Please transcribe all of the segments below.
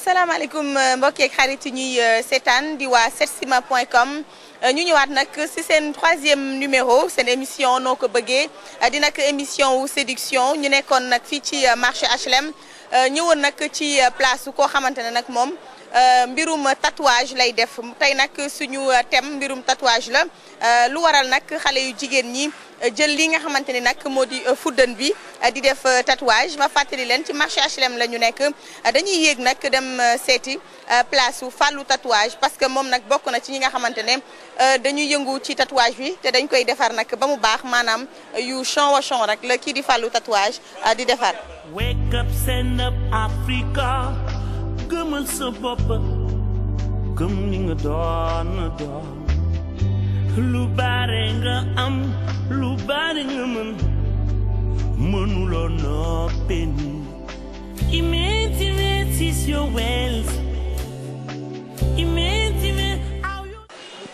Salam alaikum, ak xarit ñuy euh, di Setsima.com, euh, troisième numéro une émission que ko euh, di une émission ou séduction nous sommes nak fi marché HLM Nous nak ci place ou koo nak ne Euh, mbirum tatouage lay def tey nag suñu thème mbirum tatouage la euh, lu waral nag xale yu jigéen ñi jël li nga xamante ni nag moo di euh, fuddan bi di def tatouage ma fàttali leen ci marché HLM la ñu nekk dañuy yéeg nag dem seeti place su fàllu tatouage parce que moom nag bokk na ci ñi nga xamante ne dañuy yëngu ci tatouage bi te dañ koy defar nag ba mu baax maanaam yu chon wa chon rek la kii di fàllu tatouage di defar. gëmal sa bopp gëm li nga doon doon lu bare nga am lu bare nga mën mënuloo noppi ni immense is your wealth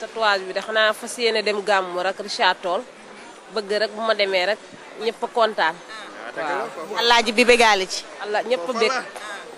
tatouage bi de xanaa fas dem gàmmu rek Richard tol bëgg rek buma ma rek ñepp kontaan Allah alaaji bi bégaale ci allah ñepp bég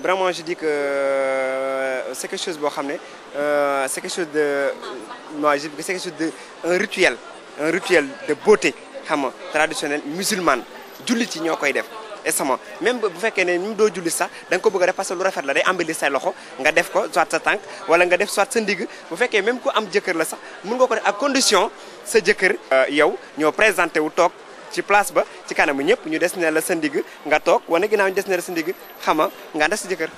vraiment je dis que euh, quelque chose euh, quelque chose de quelque chose de un rituel un rituel de beauté traditionnel musulman jullit même bu nous ne ñu sax ko bëgg def parce que lu rafet la day ambali say loxo nga def ko soit sa wala nga soit sa bu fekké même ko am la sax condition sa euh, yow présenté ci place ba ci kanam ñepp ñu dess ne la sa ndig nga tok wone ginaaw ñu dess ne la sa ndig xama nga ci jëkkër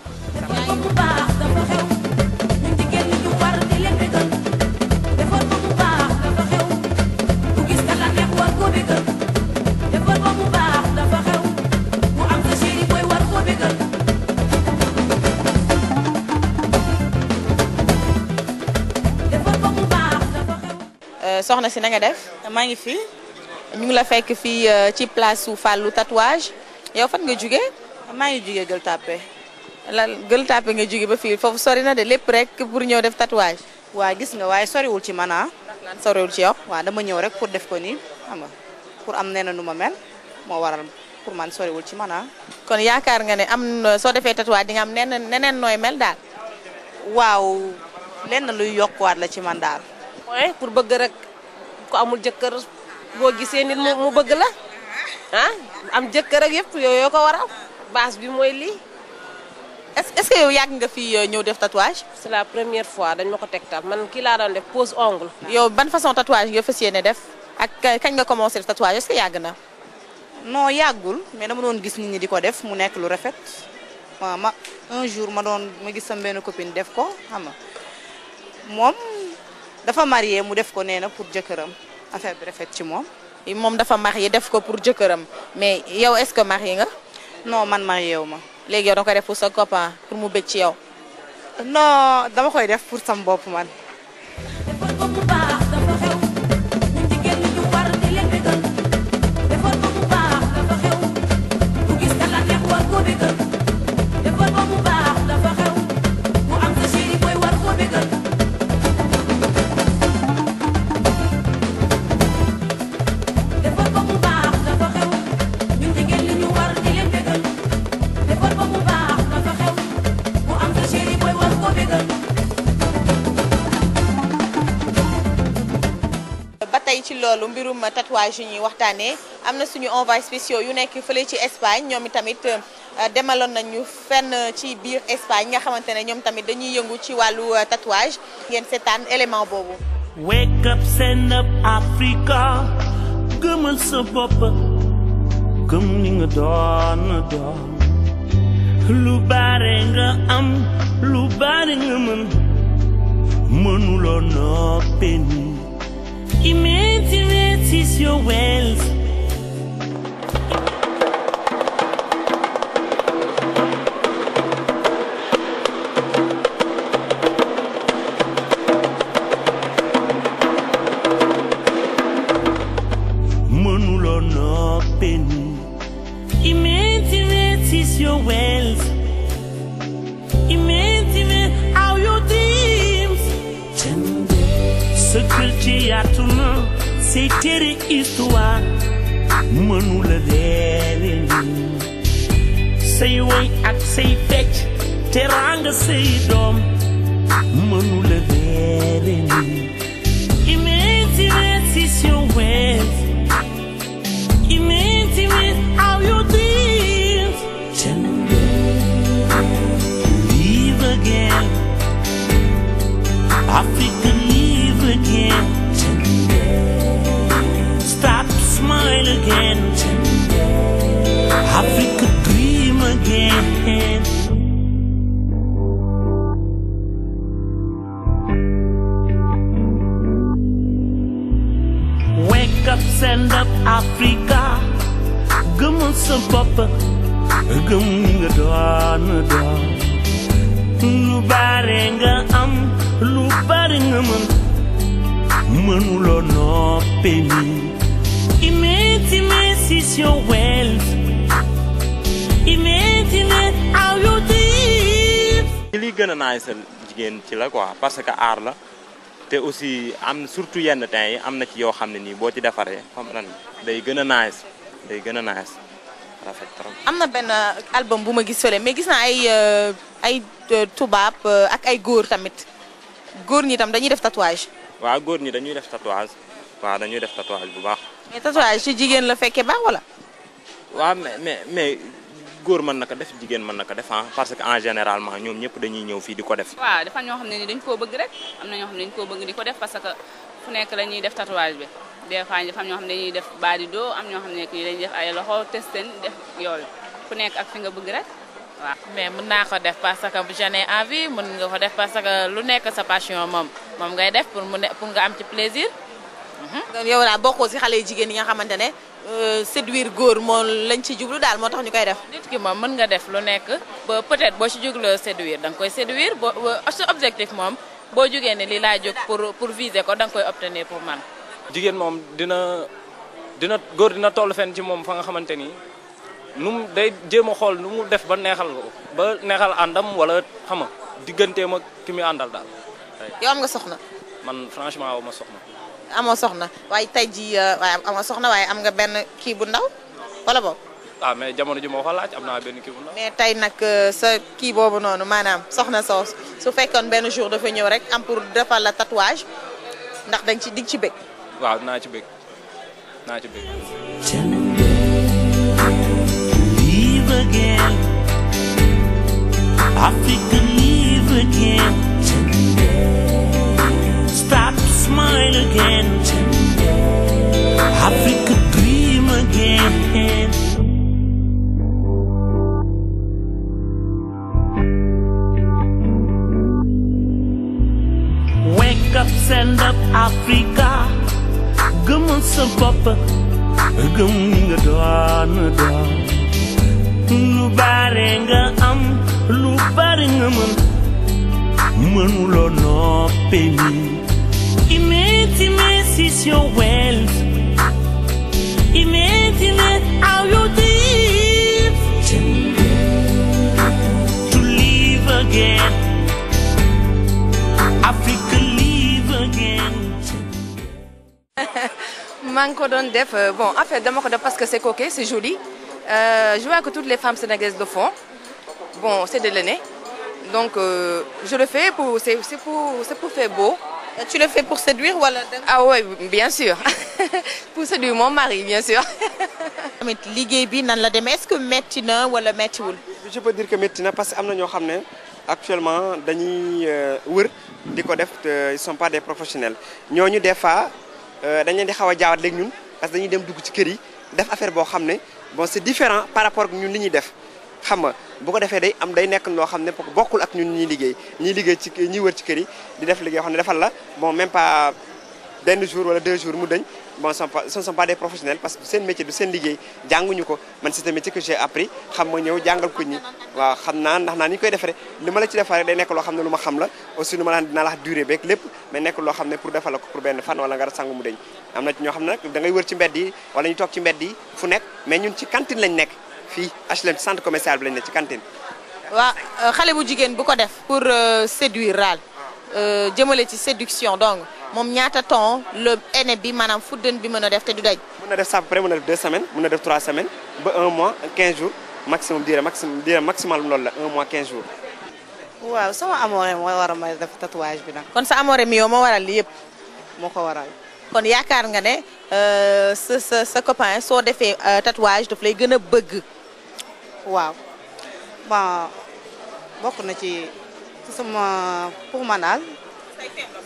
euh, soxna si na nga def ma ngi fi ñu ngi la fekk fii euh, ci place su Fallou tatouage yow fan nga jugee. maa ngi jugee Gueule Tapée. lan Gueule Tapée nga juge ba fii foofu sori na de lépp rek pour ñëw def tatouage. waa gis nga waaye soriwul ci man ah. soriwul ci yow. waa dama ñëw rek pour def ko nii xam nga pour am nee na nu ma mel moo waral pour man soriwul ci man ah. kon yaakaar nga ne am soo defee tatouage di nga am neneen neneen nooy mel daal. waaw lenn luy yokkuwaat la ci man daal. pour bëgg rek ku amul jëkkër. boo gisee nit mu bëgg la ah am jëkkër ak yëpp yooyu yoo ko waral base bi mooy lii. est-ce que yow yàgg nga fi euh, ñëw def tatouage. c'est la première fois dañ ma ko teg taal man kii laa doon def pose ongle. yow ban façon tatouage nga fas yéene def ak kañ nga commencé def tatouage est yàgg na. non yàggul mais dama doon gis nit ñi di ko def mu nekk lu rafet waaw ma un jour ma doon ma gis sama benn copine def ko xam moom dafa marié mu def ko nee na pour jëkkëram. affaire bi rafet ci moom. moom dafa marié def ko pour jëkkëram mais yow est-ce que marié nga. non man marié wu ma. léegi yow da ko def pour sa copain pour mu bëgg ci yow. non dama koy def pour sam bopp man. tatouage yu ñuy waxtaanee am na suñu envoyés spéciaux yu nekk fële ci Espagne ñoom i tamit euh, demaloon nañu fenn ci biir Espagne nga xamante ne ñoom tamit dañuy yëngu ci wàllu euh, tatouage ngeen seetaan élément boobu. wake up send up Africa gëmal sa bopp gëm ni nga doon doon lu bare nga am lu bare nga mën mënuloo noppee nii. your wealth Mënuloo noppe your wealth Immentimate are your dreams Seteri istuwa mënula leen say way ak say fecc teranga say doom mënula leen Immense, immense is your wealth Immense, immense how you stand up Africa gëmal gëm nga doon lu bare nga am lu bare nga mën mënuloo noppe mi imagine imagine is your wealth imagine how you live li gën a naay sa jigéen ci la quoi parce que aar la te aussi am surtout yenn temps yi am na ci yoo xam ne nii boo ci defaree comprendre day gën a nice day gën a nice rafet trop. am na benn euh, album bu ma gis fële mais gis naa ay euh, ay euh, tubaab ak ay góor tamit góor ñi tam dañuy def tatouage. waa góor ñi dañuy def tatouage waaw dañuy def tatouage bu baax. mais tatouage ci jigéen la fekkee baax wala. waaw mais mais góor mën les def jigen man naka def ah, parce que en généralement ñom ñep dañuy ñew fi diko def. wa dafa ñoo dañ bëgg rek bëgg def parce que fu nek la def tatouage bi des fois dafa ñoo dañuy def badi do am ñoo ki def ay loxo def mais mën naa def parce que j'en ai envie mën nga ko def parce que lu nekk sa passion moom moom ngay def pour mu pour nga am ci plaisir. yow la bokkoo si xale yu yi Euh, séduire góor moom lañ ci jublu daal moo tax ñu koy def. nit mën nga def lu nekk ba peut-être boo ci jubloo séduire da nga koy séduire boo euh, sa objectif moom boo jugee ne lii laa jóg pour pour viser ko danga koy obtenir pour man. jigéen moom dina dina góor dina toll fenn ci moom fa nga xamante ni nu mu day jéem a xool nu mu def ba neexal ko ba neexal àndam wala xama digganteem ak ki muy àndal daal. yow am nga soxna. man franchement aw ma soxna. amoo soxna waaye tey jii euh, waaye amoo soxna waaye am nga benn kii bu ndaw wala boobu. ah mais jamono ji moo laaj am naa benn kii bu ndaw. mais tey nag euh, sa kii boobu noonu maanaam soxna soo su fekkoon benn jour dafa ñëw rek am pour defal la ndax dañ ci dig ci bëgg. waaw naa ci bëgg ci bëgg. my Wake up, stand up, Africa. Gamun sa bapa, gamun nga doan doan. Lu am, lu man, manulo no pemi. Immense, immense your wealth. maa def euh, bon à fait dama de parce que c'est coquet c'est joli euh, je vois que toutes les femmes sénégalaises le font bon c'est de l'aîné donc euh, je le fais pour c'est pour c'est pour faire beau euh, tu le fais pour séduire ou Ah oui, bien sûr. pour séduire mon mari, bien sûr. Mais Est-ce que maintenant ou Je peux dire que maintenant parce que nous savons actuellement dañuy euh, wër sont pas des professionnels Nous, des fois euh, nous nous di xaw nous, parce que nous avons dugg des kër nous def affaire c'est différent par rapport à ce que nous avons bu ko day am day nek lo xamné bokul ak ñun ñi liggéey ñi liggéey ci ñi wër ci kër yi di def liggéey xamné defal la bon même pas benn jour wala deux jours mu dañ bon sont pas sont pas des professionnels parce que sen métier du sen liggéey jangu ko man c'est un métier que j'ai appris xam ma ñew jangal ko ñi wa xam ndax na ni koy defaree li ma la ci defaree day nek lo xamné luma xam la aussi luma lan dina la durer bek lepp mais nek lo xamné pour defal ko pour benn fan wala nga sangu mu dañ am na ci ño xamné ne da ngay wër ci mbéddi funek, wala ñu tok ci mbéddi fu nek mais ñun ci cantine lañ nek fii HLM centre commercial bi lañ ci cantine. waaw euh, xale bu jigéen bu ko def. pour euh, séduire daal. Euh, jëmale ci séduction donc moom ñaata ton le aîné bi maanaam fuddeen bi mën def té du daj. mën def ça après mën def deux semaines mën def trois semaines ba un mois 15 jours maximum dire maximum dire maximum lool la un mois 15 jours. waaw sama amoré mooy wara ma def tatouage bi nag. kon sa amoré mi yo mo waral li yëpp. moko ko waral. kon yakar nga ne sa ce ce copain so défé tatouage daf lay gëna bëgg. waaw bon bokk na ci sama pour ma daal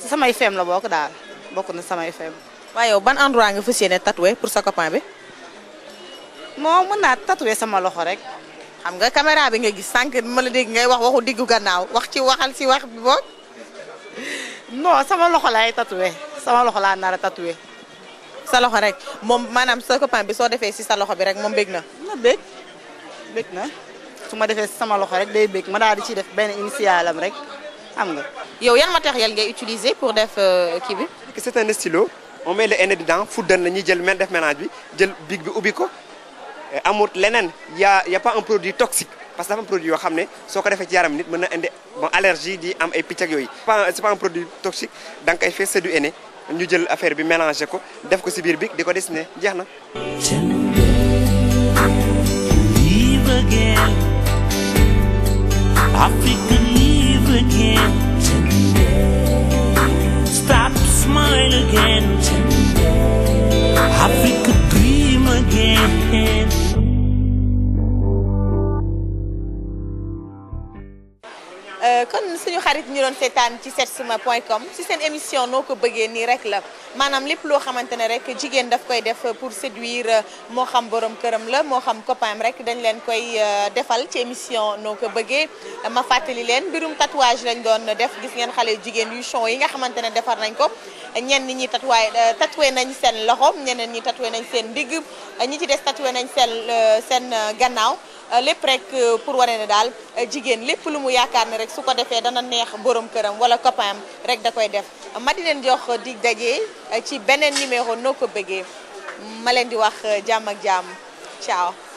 samay feem la bokk daal bokk na samay feem. waaye yow ban endroit nga fas yéene tatoué pour sa copain bi. moo mën naa tatoué sama loxo rek. xam nga caméra bi nga gis sànq ma la dégg ngay wax waxu diggu gannaaw wax ci waxal wax bi boog. sama loxo laay sama loxo laa nar sa loxo rek moom maanaam sa copain bi soo defee si sa loxo bi rek moom bég na. na bég. bëgg na su ma defee sama loxo rek day bëgg ma daal di ci def benn initialam rek xam nga. yow yan matériel ngay utiliser pour def euh, kii bi. c'est un stylo on met le henné dedans fuddeen la ñuy jël men def ménage bi jël big bi ubbi ko euh, amut leneen y a y a pas un produit toxique parce que dafa am produit yoo xam ne soo ko defee ci yaram nit mën na indi bon allergie di am ay picc ak yooyu. pas c'est pas un produit toxique da nga koy fekk c'est du henné ñu jël affaire bi mélanger ko def ko si biir bi di ko dessiné jeex na. again. I think I leave again. Stop smile again. I think a dream again. Euh, kon suñu xarit ñu doon seetaan ci setsima point com si seen émission noo ko bëggee nii rek la maanaam lépp loo xamante ne rek jigéen daf koy def pour séduire moo xam borom këram la moo xam copain rek dañ leen koy euh, defal ci émission noo ko bëggee ma fàttali leen mbirum tatouage lañ doon def gis ngeen xale jigéen yu chon yi nga xamante ne defar nañ ko ñenn ñi tatoué euh, tatoué nañ seen loxo ñeneen ñi tatoué nañ seen ndigg ñi ci des tatoué nañ seen seen gannaaw Euh, lépp rek euh, pour wane ne daal euh, jigéen lépp lu mu yaakaar ne rek su ko defee dana neex borom këram wala copain rek da koy def ma di leen jox di daje ci beneen numéro noo ko bëggee ma leen di wax jàmm ak jàmm ciao.